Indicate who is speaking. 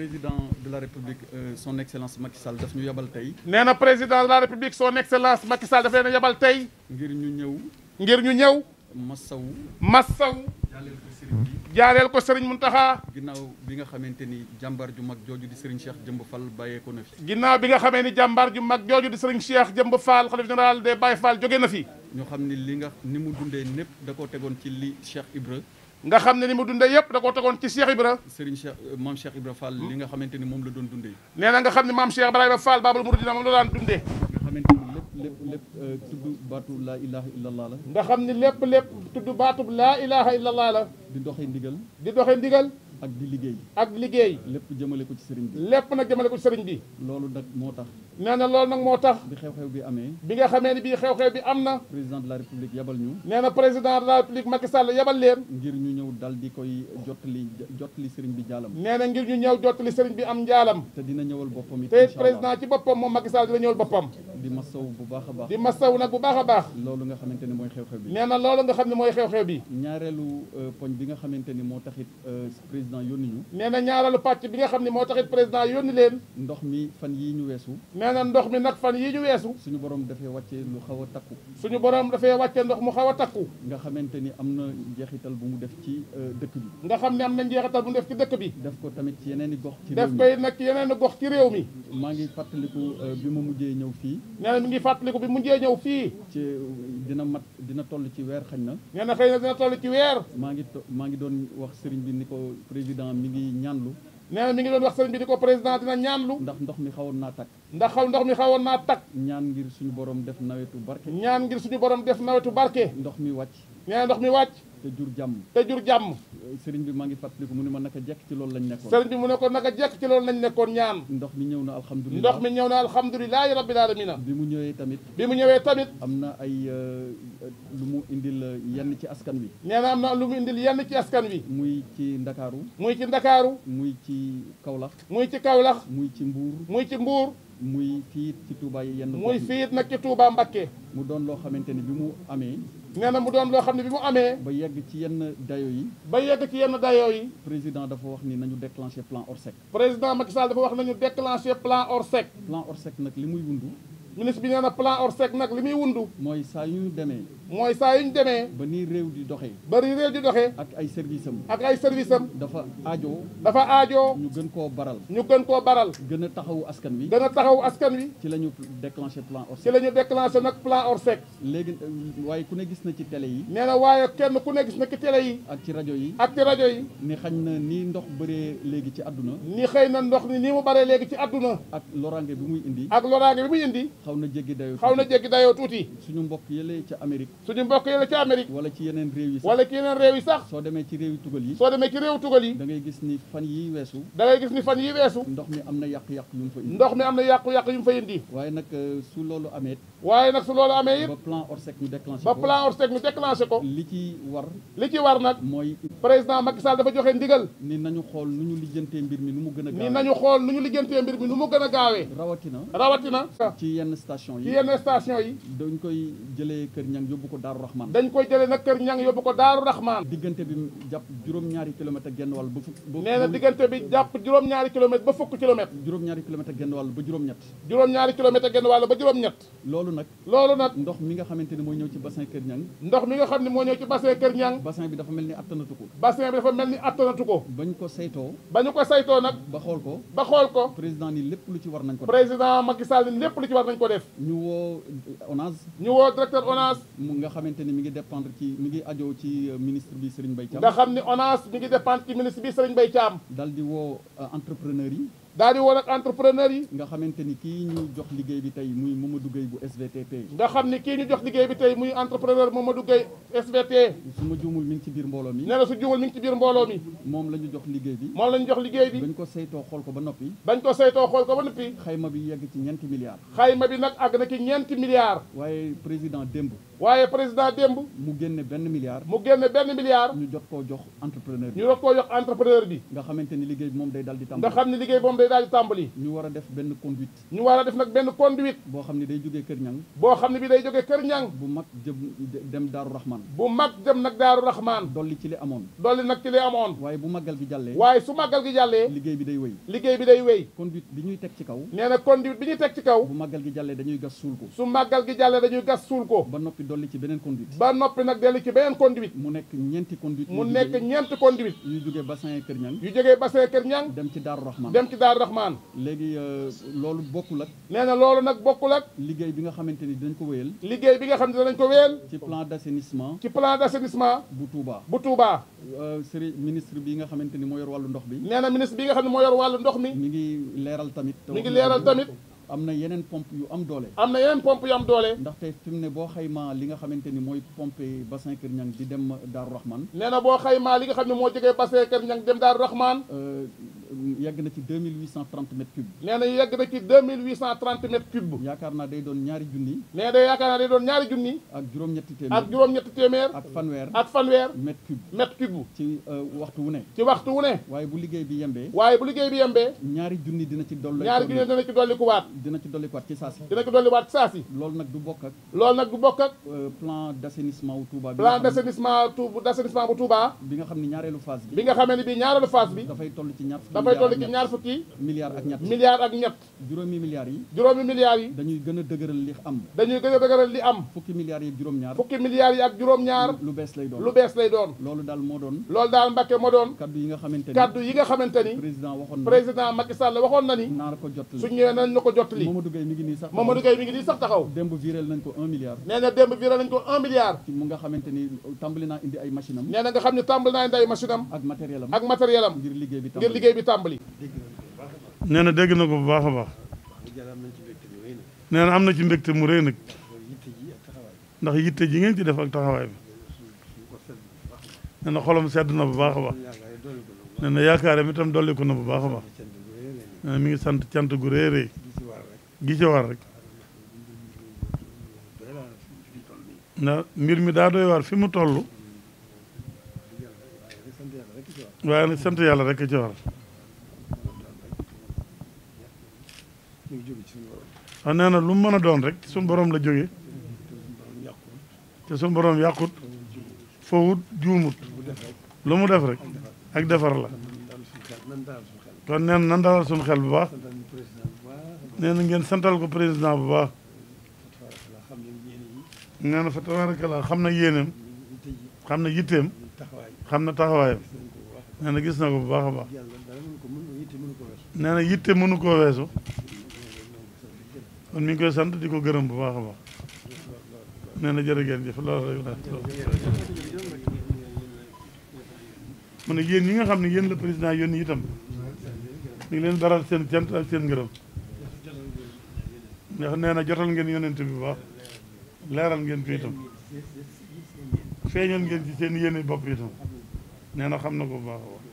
Speaker 1: président de la république euh, son excellence Macky Sall daf ñu yabal tey. nee na président de la république son excellence Macky Sall daf leen a yabal tey. ngir ñu ñëw. ngir ñu ñëw. Massaw. Massaw. jaaleel ko Serigne bi. jaaleel ko Serigne bi nga xamante ni jàmbaar ju mag jooju di Serigne Cheikh Jëmb Fall bàyyeekoo na fi. bi nga xamee ni jàmbaar ju mag jooju di Serigne Cheikh Jëmb Fall xalif général des Baye jóge na fi. ñoo xam ni li nga ni mu dundee népp da koo tegoon ci li Cheikh Ibra. nga xam ne ni mu dundee yëpp da koo tegoon ci Cheikh Ibra Serigne Cheikh euh, maam Cheikh Ibra Fall li nga xamante ni moom la doon dundee nee na nga xam ne maam Cheikh Ibrahima Fall Babal Mouridina moom la daan dundee nga xam ni lépp lépp lépp euh, tudd baatu laa ilaha illallah la nga xam ne lépp lépp tudd baatu laa ilaha illallah la di doxee ndigal di doxee ndigal ak di liggéey ak liggéey lépp jëmale ko ci sëriñ bi lépp nag jëmale ko ci sëriñ bi loolu nag moo tax nee na loolu nag moo tax bi xew-xew bi amee bi nga xamee ni bii xew-xew bi am na président de la république yabal ñu nee na président de la république Macky Sall yabal leen ngir ñu ñëw dal di koy jottali jottali sëriñ bi jaalam nee na ngir ñu ñëw jottali sëriñ bi am njaalam te dina ñëwal boppam it te président ci boppam moom Macky Sall dina ñëwal boppam di masaw bu baax a baax di masaw nag bu baax a baax loolu nga xamante ni mooy xew-xew bi nee na loolu nga xam ne mooy xew-xew bi ñaareelu euh, poñ bi nga xamante ni moo taxit euh, président yónni ñu nee na ñaareelu pàcc bi nga xam ne moo taxit président yónni leen ndox mi fan yii ñu weesu nee ndox mi nag fan yii ñu weesu suñu borom dafee wàcce lu xaw a takku suñu borom dafee wàcce ndox mu xaw a takku nga xamante ni am na njeexital bu mu def ci euh, dëkk bi nga xam ne am na njeexital bu mu def ci dëkk bi def ko tamit yeneen i gox ci def koy nag yeneen gox ci réew mi maa ngi fàttaliku bi mu mujjee ñëw fii nee na mi ngi fàttaliku bi mu jee ñëw fii ci dina mat dina toll ci weer xañ na nee na xëy na dina toll ci weer maa ngi maa ngi doon wax sëriñ bi ni ko président mi ngi ñaanlu nee na mi ngi doon wax sëriñ bi ni ko président dina ñaanlu ndax ndox mi xawoon naa takk ndax xaw ndox mi xawoon naa takk ñaan ngir suñu borom def nawetu barke ñaan ngir suñu borom def nawetu barke ndox mi wàcc nee ndox mi wàcc te jur jàmm te jur jàmm sëriñ bi maa ngi fàttaliku mu ne ma naka jekk ci loolu lañ nekkoon sëriñ bi mu ne ko naka jekk ci loolu lañ nekkoon ñaan ndox mi ñëw na alhamdulilah ndox mi ñëw na alhamdulilahi rabbil alamina bi mu ñëwee tamit bi mu ñëwee tamit am na ay euh, lu mu indil euh, yenn ci askan wi nee na am na lu mu indil yenn ci askan wi muy ci ndakaaru muy ci ndakaaru muy ci Kaolack muy ci Kaolack muy ci Mbuur muy ci Mbuur muy fiit ci Touba yi yenn muy fiit nag ci Touba Mbakke mu doon loo xamante ni bi mu amee nee na mu doon loo xam ne bi mu amee ba yegg ci yenn dayo yi ba yegg ci yenn dayo yi président dafa wax ni nañu déclenché plan Orsec président Macky Sall dafa wax nañu déclenché plan Orsec plan Orsec nag li muy wundu ministre bi nee na plan ORSEC nag li muy wundu. mooy saa yu ñu demee. mooy saa yu ñu demee. ba ni réew di doxee. ba ni réew di doxee. ak ay service ak ay service am. dafa aajo. dafa aajo. ñu gën koo baral. ñu gën koo baral. gën a taxawu askan wi. gën a taxawu askan wi. ci la ñu déclenché plan ORSEC. ci la ñu déclenché nag plan ORSEC. léegi waaye ku ne gis na ci télé yi. nee na waaye kenn ku ne gis na ci télé yi. ak ci rajo yi. ak ci rajo yi. ni xañ na nii ndox bëree léegi ci àdduna. ni xëy na ndox ni ni mu bëree léegi ci àdduna. ak loraange bi muy indi. ak loraange bi muy indi xaw na jéggi dayoo xaw na jéggi dayoo tuuti suñu mbokk yële ca Amérique suñu mbokk yële ca Amérique wala ci yeneen réew yi sax wala ci yeneen réew yi sax soo demee ci réew tugal yi soo demee ci réew tugal yi da ngay gis ni fan gis ni fan yi weesu ndox mi am na yàqu-yàqu yu mu fa indi ndox mi am na yàqu-yàqu yu mu fa indi waaye nag euh, su loolu amee waaye nag su loolu amee it ba plan Orsec ñu déclenché ko ba plan ko li ci war li ci war nag mooy président Macky Sall dafa joxe ndigal ni nañu xool nu ñu lijjantee mbir mi nu mu gën a gaawee ni nañu xool nu ñu lijjantee mbir mi nu mu gën a gaawee rawatina rawatina ci yenn yenn station yi ci yenn station yi dañ koy jëlee kër ñang yóbbu ko daaru raxmaan dañ koy jëlee nag kër ñang yóbbu ko daaru raxmaan diggante bi jàpp juróom-ñaari kilomètre genn wàll ba fukk nee diggante bi jàpp juróom-ñaari kilomètre ba fukk kilomètre juróom-ñaari kilomètre genn wàll ba juróom-ñett juróom-ñaari kilomètre genn wàll ba juróom-ñett loolu nag loolu nag ndox mi nga xamante ni moo ñëw ci bassin kër ñang ndox mi nga xam ne moo ñëw ci bassin kër ñang bassin ko ñu woo ONAS ñu woo directeur ONAS mu nga xamante ni mi ngi dépendre ci mi ngi ajoo ci euh, ministre bi Serigne Mbaye Thiam nga xam ni ONAS mi ngi dépendre ci ministre bi Serigne Mbaye Thiam dal di woo euh, entrepreneur yi daal di woon ak entrepreneur yi. nga xamante ni kii ñu jox liggéey bi tey muy Mamadou Gueye bu SVTP. nga xam ni kii ñu jox liggéey bi tey muy entrepreneur Mamadou Gueye SVT. su ma juumul mi ngi ci biir mbooloo mi. nee na su juumul mi ngi ci biir mbooloo mi. moom la ñu jox liggéey bi. moom la jox liggéey bi. bañ ko saytoo xool ko ba noppi. bañ ko saytoo xool ko ba noppi. xayma bi yegg ci ñeenti milliards. xayma bi nag àgg na ci ñeenti milliards. waaye président démb. waaye président démb mu génne benn milliard mu génne benn milliard ñu jot koo jox entrepreneur bi ñu jot koo jox entrepreneur bi nga xamante ni liggéey bi moom day daal di tàmbali nga xam ne liggéey bi moom day daal di ñu war a def benn conduite ñu war a def nag benn conduite boo xam ne day jógee Kër Ñang boo xam ne bi day jógee Kër Ñang bu mag jëm dem Daaru Rahman bu mag jëm nag Daaru Rahman dolli ci li amoon dolli nag ci li amoon waaye bu màggal gi jàllee waaye su màggal gi jàllee liggéey bi day wéy liggéey bi day wéy conduite bi ñuy teg ci kaw nee na conduite bi ñuy teg ci kaw bu màggal gi jàllee dañuy gas suul ko su gi jàllee dañuy gas suul ko ba noppi dolli ci beneen conduite ba noppi nag dellu ci beneen conduite mu nekk ñeenti conduite mu nekk ñeenti conduite yu jógee bassin Kër Ñang yu jógee bassin Kër Ñang dem ci Daaru Rahman dem ci Daaru Rahman léegi euh, loolu bokkul ak nee na loolu nag bokkul ak liggéey bi nga xamante ni dañ ko wéyal liggéey bi nga xam ne dinañ ko wéyal ci plan d'assainissement ci plan d'assainissement bu Touba bu Touba euh, sëriñ ministre bi nga xamante ni moo yor wàllu ndox bi nee na ministre bi nga xam ne moo yor wàllu ndox mi mi ngi leeral tamit mi ngi leeral tamit am na yeneen pompe yu am doole am na yeneen pompe yu am doole ndaxte fi mu ne boo xaymaa li nga xamante ni mooy pompe bassin Kër Ñang di dem Daaru Rahman nee na boo xaymaa li nga xam ne moo jógee bassin Kër Ñang di dem Daaru Rahman euh, yàgg na ci 2830 mètres cubes nee na yàgg na ci 2830 mètres cubes yaakaar naa day doon ñaari junni nee na yaakaar naa day doon ñaari junni ak juróom-ñetti téeméer ak fanweer ak fanweer mètre cube mètre cube ci euh, waxtu wu ne ci waxtu wu ne waaye bu liggéey bi yembee waaye bu liggéey bi yembee ñaari junni dina ci dolli ñaari junni dina ci dolli kuwaat dina ci dolli kuwaat ci saasi dina ci dolli kuwaat saasi loolu nag du bokk ak nag du bokk euh, plan d'assainissement bu Touba bi nga xam ne ñaareelu phase bi bi nga toll ci ñaar fukki milliards ak ñett milliards ak ñett juróomi milliards yi a a am fukki milliards yi ak juróom-ñaar nga xamante ni kaddu yi nga xamante ni président waxoon na président Macky Sall waxoon na ni naa ko jot li su ñëwee na ko jot li Mamadou Gueye mi mi ngi nii sax taxaw démb viréel nañ ko un milliard nee na démb nañ ko un milliard mu nga xamante tàmbali naa indi ay machine am nee nga xam ne tàmbali naa indi ay machine am ak matériel ngir liggéey bi tàmbali
Speaker 2: nee na dégg na ko bu baax a baax. nee na am na ci mbégte mu rëy nag. ndax yitte ji ngeen ci def ak taxawaay bi. nee na sedd na bu baax a baax. nee na yaakaaram itam dolli na bu baax a baax. mi ngi sant cant gu rëy a rëy. gi ci war rek. ndax mbir mi daa doy waar fi mu toll. waaye nag sant yàlla rek ci war. mu ah, ngi jóge ci suñu na lu mu mën a doon rek suñu boroom la jógee te suñu borom yàqut fowut juumut lu mu def rek ak defar la kon nee na nan dalal suñu xel bu baax nee na ngeen santal ko président bu baax nee na fa tabarakallah xam na yéeneem xam na yitteem xam na taxawaayam nee na gis na ko bu baax a baax nee na yitte mënu weesu kon mi ngi koy sant di ko gërëm bu baax a baax nee na jërë ngeen jëf loolu la mu ne yéen yi nga xam ne yéen la président yónni itam
Speaker 1: ñu ngi leen baral
Speaker 2: seen cant ak seen ngërëm ndax nee na jotal ngeen yonent bi bu baax leeral ngeen ko itam feeñal ngeen ci seen yéene bopp itam nee na xam na ko bu baax a